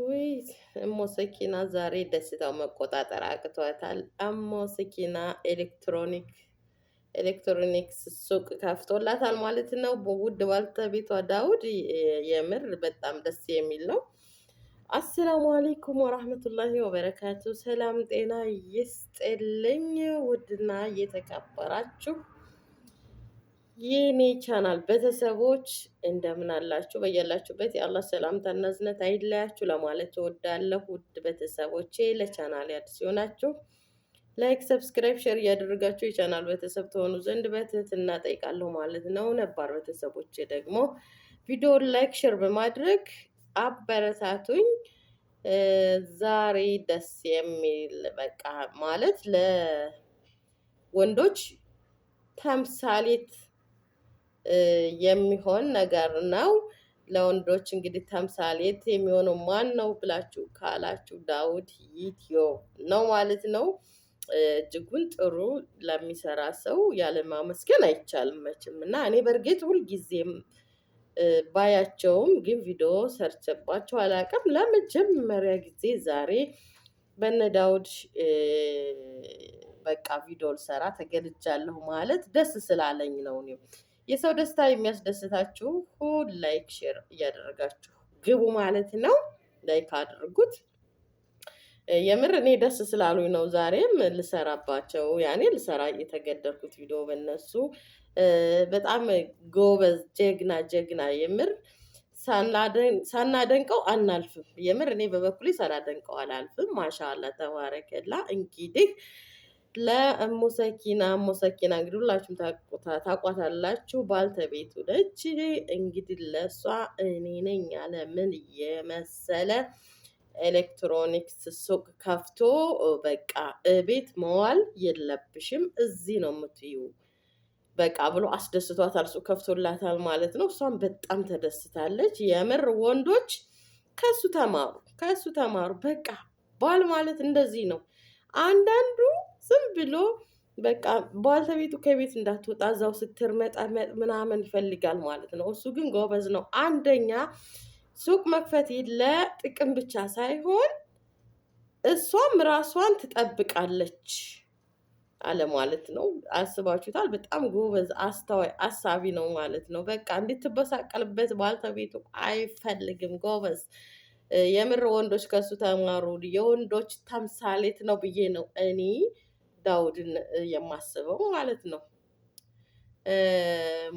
ውይ እሞ ሰኪና ዛሬ ደስታው መቆጣጠር አቅቷታል። እሞ ሰኪና ኤሌክትሮኒክ ኤሌክትሮኒክስ ሱቅ ከፍቶላታል ማለት ነው። በውድ ባልተቤቷ ዳውድ የምር በጣም ደስ የሚል ነው። አሰላሙ አሌይኩም ወራህመቱላሂ ወበረካቱ። ሰላም ጤና ይስጥልኝ ውድና እየተከበራችሁ የኔ ቻናል ቤተሰቦች እንደምን አላችሁ? በያላችሁበት የአላህ ሰላምታ እና እዝነት አይለያችሁ ለማለት እወዳለሁ። ውድ ቤተሰቦቼ ለቻናል ያድ ሲሆናችሁ ላይክ፣ ሰብስክራይብ፣ ሼር እያደረጋችሁ የቻናል ቤተሰብ ትሆኑ ዘንድ በትህትና ጠይቃለሁ ማለት ነው። ነባር ቤተሰቦቼ ደግሞ ቪዲዮን ላይክ፣ ሼር በማድረግ አበረታቱኝ። ዛሬ ደስ የሚል በቃ ማለት ለወንዶች ተምሳሌት የሚሆን ነገር ነው። ለወንዶች እንግዲህ ተምሳሌት የሚሆነው ማን ነው ብላችሁ ካላችሁ ዳውድ ይትዮ ነው ማለት ነው። እጅጉን ጥሩ ለሚሰራ ሰው ያለማመስገን አይቻልም መቼም እና እኔ በእርግጥ ሁልጊዜም ባያቸውም ግን ቪዲዮ ሰርቸባቸው አላውቅም። ለመጀመሪያ ጊዜ ዛሬ በነ ዳውድ በቃ ቪዲዮ ልሰራ ተገድጃለሁ ማለት ደስ ስላለኝ ነው እኔም የሰው ደስታ የሚያስደስታችሁ ላይክ፣ ሼር እያደረጋችሁ ግቡ ማለት ነው። ላይክ አድርጉት። የምር እኔ ደስ ስላሉኝ ነው ዛሬም ልሰራባቸው ያኔ ልሰራ የተገደልኩት ቪዲዮ በነሱ በጣም ጎበዝ ጀግና ጀግና የምር ሳናደንቀው አናልፍም። የምር እኔ በበኩሌ ሳናደንቀው አላልፍም። ማሻላ ተባረከላ እንግዲህ ለሙሰኪና ሙሰኪና እንግዲህ ሁላችሁም ታቋታላችሁ። ባልተቤቱ ነች እንግዲህ ለእሷ እኔ ነኝ ያለ ምን የመሰለ ኤሌክትሮኒክስ ሱቅ ከፍቶ በቃ እቤት መዋል የለብሽም እዚህ ነው የምትዩ በቃ ብሎ አስደስቷታል። እሱ ከፍቶላታል ማለት ነው። እሷም በጣም ተደስታለች። የምር ወንዶች ከሱ ተማሩ፣ ከሱ ተማሩ። በቃ ባል ማለት እንደዚህ ነው አንዳንዱ ዝም ብሎ በቃ ባለቤቱ ከቤት እንዳትወጣ እዛው ስትርመጠመጥ ምናምን ይፈልጋል ማለት ነው። እሱ ግን ጎበዝ ነው። አንደኛ ሱቅ መክፈት ለጥቅም ብቻ ሳይሆን እሷም ራሷን ትጠብቃለች አለ ማለት ነው። አስባችሁታል? በጣም ጎበዝ አስተዋይ፣ አሳቢ ነው ማለት ነው። በቃ እንድትበሳቀልበት ባለቤቱ አይፈልግም። ጎበዝ የምር ወንዶች ከሱ ተማሩ። የወንዶች ተምሳሌት ነው ብዬ ነው እኔ ዳውድን የማስበው ማለት ነው።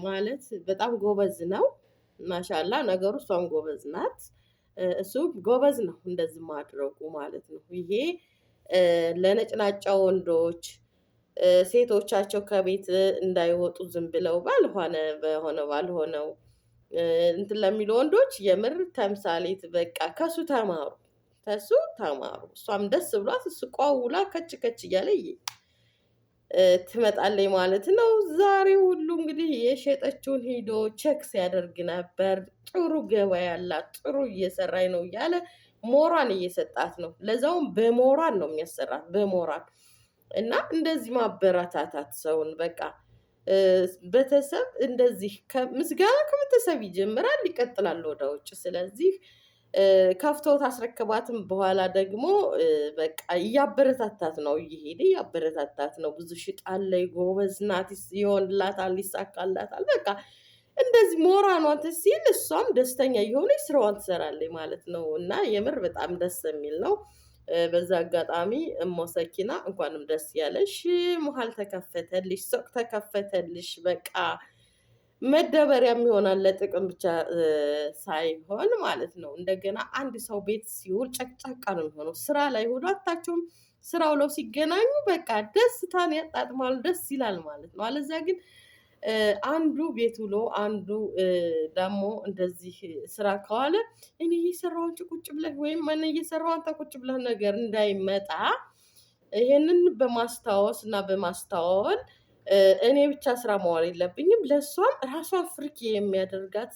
ማለት በጣም ጎበዝ ነው። ማሻላ ነገሩ እሷም ጎበዝ ናት፣ እሱ ጎበዝ ነው። እንደዚህ ማድረጉ ማለት ነው። ይሄ ለነጭናጫ ወንዶች ሴቶቻቸው ከቤት እንዳይወጡ ዝም ብለው ባልሆነ በሆነ ባልሆነው እንትን ለሚሉ ወንዶች የምር ተምሳሌት በቃ ከሱ ተማሩ። ከሱ ተማሩ። እሷም ደስ ብሏት እሱ ቋውላ ከች ከች እያለ ትመጣለች ማለት ነው። ዛሬ ሁሉ እንግዲህ የሸጠችውን ሂዶ ቼክ ሲያደርግ ነበር። ጥሩ ገበያ ያላት ጥሩ እየሰራኝ ነው እያለ ሞራን እየሰጣት ነው። ለዛውም በሞራል ነው የሚያሰራት በሞራል እና እንደዚህ ማበረታታት ሰውን በቃ ቤተሰብ እንደዚህ ምስጋና ከቤተሰብ ይጀምራል ይቀጥላል ወደ ውጭ ስለዚህ ከፍተውት አስረከባትም በኋላ ደግሞ በቃ እያበረታታት ነው እየሄደ እያበረታታት ነው። ብዙ ሽጣለይ ጎበዝ ናት፣ ይሆንላታል፣ ይሳካላታል። በቃ እንደዚህ ሞራኗን ሲል እሷም ደስተኛ የሆነች ስራዋን ትሰራለች ማለት ነው። እና የምር በጣም ደስ የሚል ነው። በዛ አጋጣሚ እሞሰኪና እንኳንም ደስ ያለሽ። መሀል ተከፈተልሽ፣ ሱቅ ተከፈተልሽ። በቃ መደበሪያም ይሆናል ለጥቅም ብቻ ሳይሆን ማለት ነው። እንደገና አንድ ሰው ቤት ሲውል ጨቅጫቃ ነው የሚሆነው። ስራ ላይ ሆኖ አታቸውም ስራ ውለው ሲገናኙ በቃ ደስታን ያጣጥማሉ፣ ደስ ይላል ማለት ነው። አለዚያ ግን አንዱ ቤት ውሎ አንዱ ደግሞ እንደዚህ ስራ ከዋለ እኔ እየሰራሁ አንቺ ቁጭ ብለህ ወይም እኔ እየሰራሁ አንተ ቁጭ ብለህ ነገር እንዳይመጣ ይሄንን በማስታወስ እና በማስታወል እኔ ብቻ ስራ መዋል የለብኝም። ለእሷም ራሷን ፍርኪ የሚያደርጋት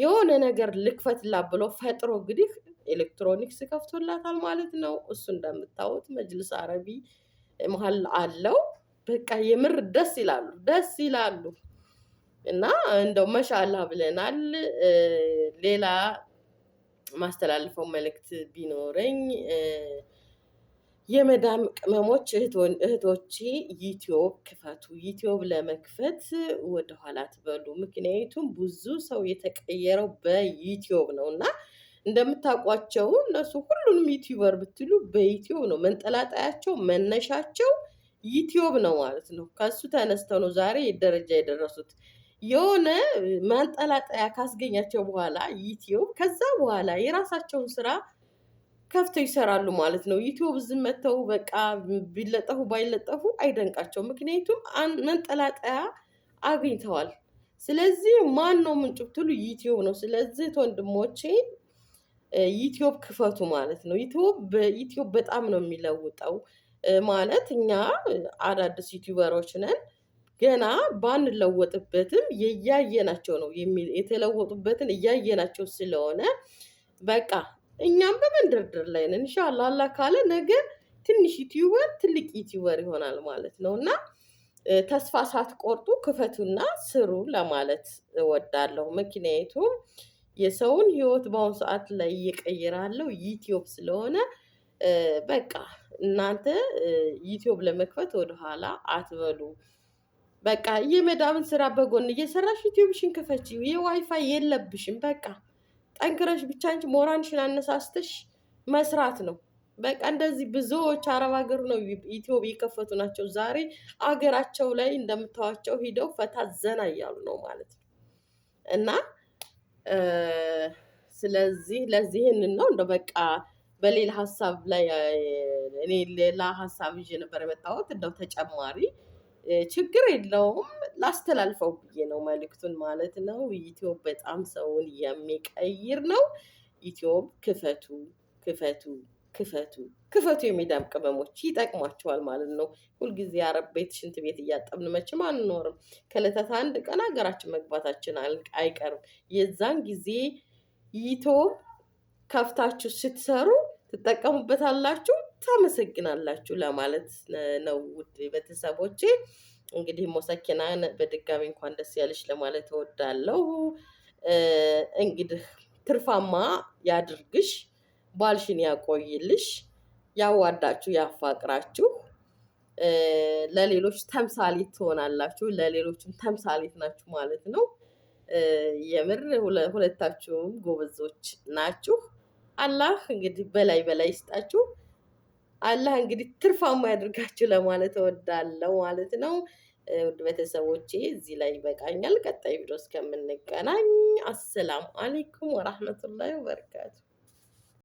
የሆነ ነገር ልክፈትላ ብሎ ፈጥሮ እንግዲህ ኤሌክትሮኒክስ ከፍቶላታል ማለት ነው። እሱ እንደምታዩት መጅልስ አረቢ መሀል አለው። በቃ የምር ደስ ይላሉ፣ ደስ ይላሉ። እና እንደው መሻላ ብለናል። ሌላ ማስተላልፈው መልእክት ቢኖረኝ የመዳም ቅመሞች እህቶቼ ዩትዩብ ክፈቱ። ዩትዩብ ለመክፈት ወደኋላ ትበሉ። ምክንያቱም ብዙ ሰው የተቀየረው በዩትዮብ ነው እና እንደምታውቋቸው እነሱ ሁሉንም ዩትዩበር ብትሉ በዩትዩብ ነው መንጠላጣያቸው፣ መነሻቸው ዩትዮብ ነው ማለት ነው። ከሱ ተነስተው ነው ዛሬ ደረጃ የደረሱት። የሆነ መንጠላጣያ ካስገኛቸው በኋላ ዩትዮብ ከዛ በኋላ የራሳቸውን ስራ ከፍተው ይሰራሉ ማለት ነው። ዩቲዩብ ዝም መተው በቃ ቢለጠፉ ባይለጠፉ አይደንቃቸው። ምክንያቱም መንጠላጠያ አግኝተዋል። ስለዚህ ማን ነው ምንጩ ብትሉ ዩቲዩብ ነው። ስለዚህ ወንድሞቼ ዩቲዩብ ክፈቱ ማለት ነው። ዩቲዩብ በጣም ነው የሚለውጠው ማለት እኛ አዳዲስ ዩቲዩበሮች ነን ገና ባንለወጥበትም የያየናቸው ነው የተለወጡበትን እያየናቸው ስለሆነ በቃ እኛም በመንደርደር ላይ ነን። እንሻላ አላህ ካለ ነገ ትንሽ ዩቲዩበር ትልቅ ዩቲዩበር ይሆናል ማለት ነው እና ተስፋ ሳትቆርጡ ክፈቱና ስሩ ለማለት እወዳለሁ። መኪናይቱም የሰውን ህይወት በአሁኑ ሰዓት ላይ እየቀይራለው ዩቲዩብ ስለሆነ በቃ እናንተ ዩቲዩብ ለመክፈት ወደኋላ አትበሉ። በቃ የመዳምን ስራ በጎን እየሰራሽ ዩቲዩብሽን ክፈች። የዋይፋይ የለብሽም በቃ ጠንክረሽ ብቻ አንቺ ሞራልሽን አነሳስተሽ መስራት ነው። በቃ እንደዚህ ብዙዎች አረብ ሀገር ነው ኢትዮብ የከፈቱ ናቸው። ዛሬ አገራቸው ላይ እንደምታዋቸው ሂደው ፈታ ዘና እያሉ ነው ማለት ነው። እና ስለዚህ ለዚህን ነው እንደ በቃ በሌላ ሀሳብ ላይ እኔ ሌላ ሀሳብ ይዤ ነበር የመጣሁት። እንደው ተጨማሪ ችግር የለውም ላስተላልፈው ብዬ ነው መልእክቱን ማለት ነው። ዩትዮብ በጣም ሰውን የሚቀይር ነው። ዩቲዩብ ክፈቱ፣ ክፈቱ፣ ክፈቱ፣ ክፈቱ። የሜዳም ቅመሞች ይጠቅሟቸዋል ማለት ነው። ሁልጊዜ አረብ ቤት ሽንት ቤት እያጠብን መቼም አንኖርም። ከዕለታት አንድ ቀን ሀገራችን መግባታችን አይቀርም። የዛን ጊዜ ዩትዮብ ከፍታችሁ ስትሰሩ ትጠቀሙበታላችሁ፣ ታመሰግናላችሁ ለማለት ነው ውድ ቤተሰቦቼ። እንግዲህ ሞሰኪናን በድጋሚ እንኳን ደስ ያለሽ ለማለት እወዳለሁ። እንግዲህ ትርፋማ ያድርግሽ፣ ባልሽን ያቆይልሽ፣ ያዋዳችሁ፣ ያፋቅራችሁ ለሌሎች ተምሳሌት ትሆናላችሁ። ለሌሎችም ተምሳሌት ናችሁ ማለት ነው። የምር ሁለታችሁም ጎበዞች ናችሁ። አላህ እንግዲህ በላይ በላይ ይስጣችሁ። አላህ እንግዲህ ትርፋማ ያድርጋችሁ ለማለት እወዳለሁ ማለት ነው። ውድ ቤተሰቦቼ እዚህ ላይ ይበቃኛል። ቀጣይ ቪዲዮ እስከምንገናኝ አሰላም አሌይኩም ወራህመቱላሂ ወበረካቱ።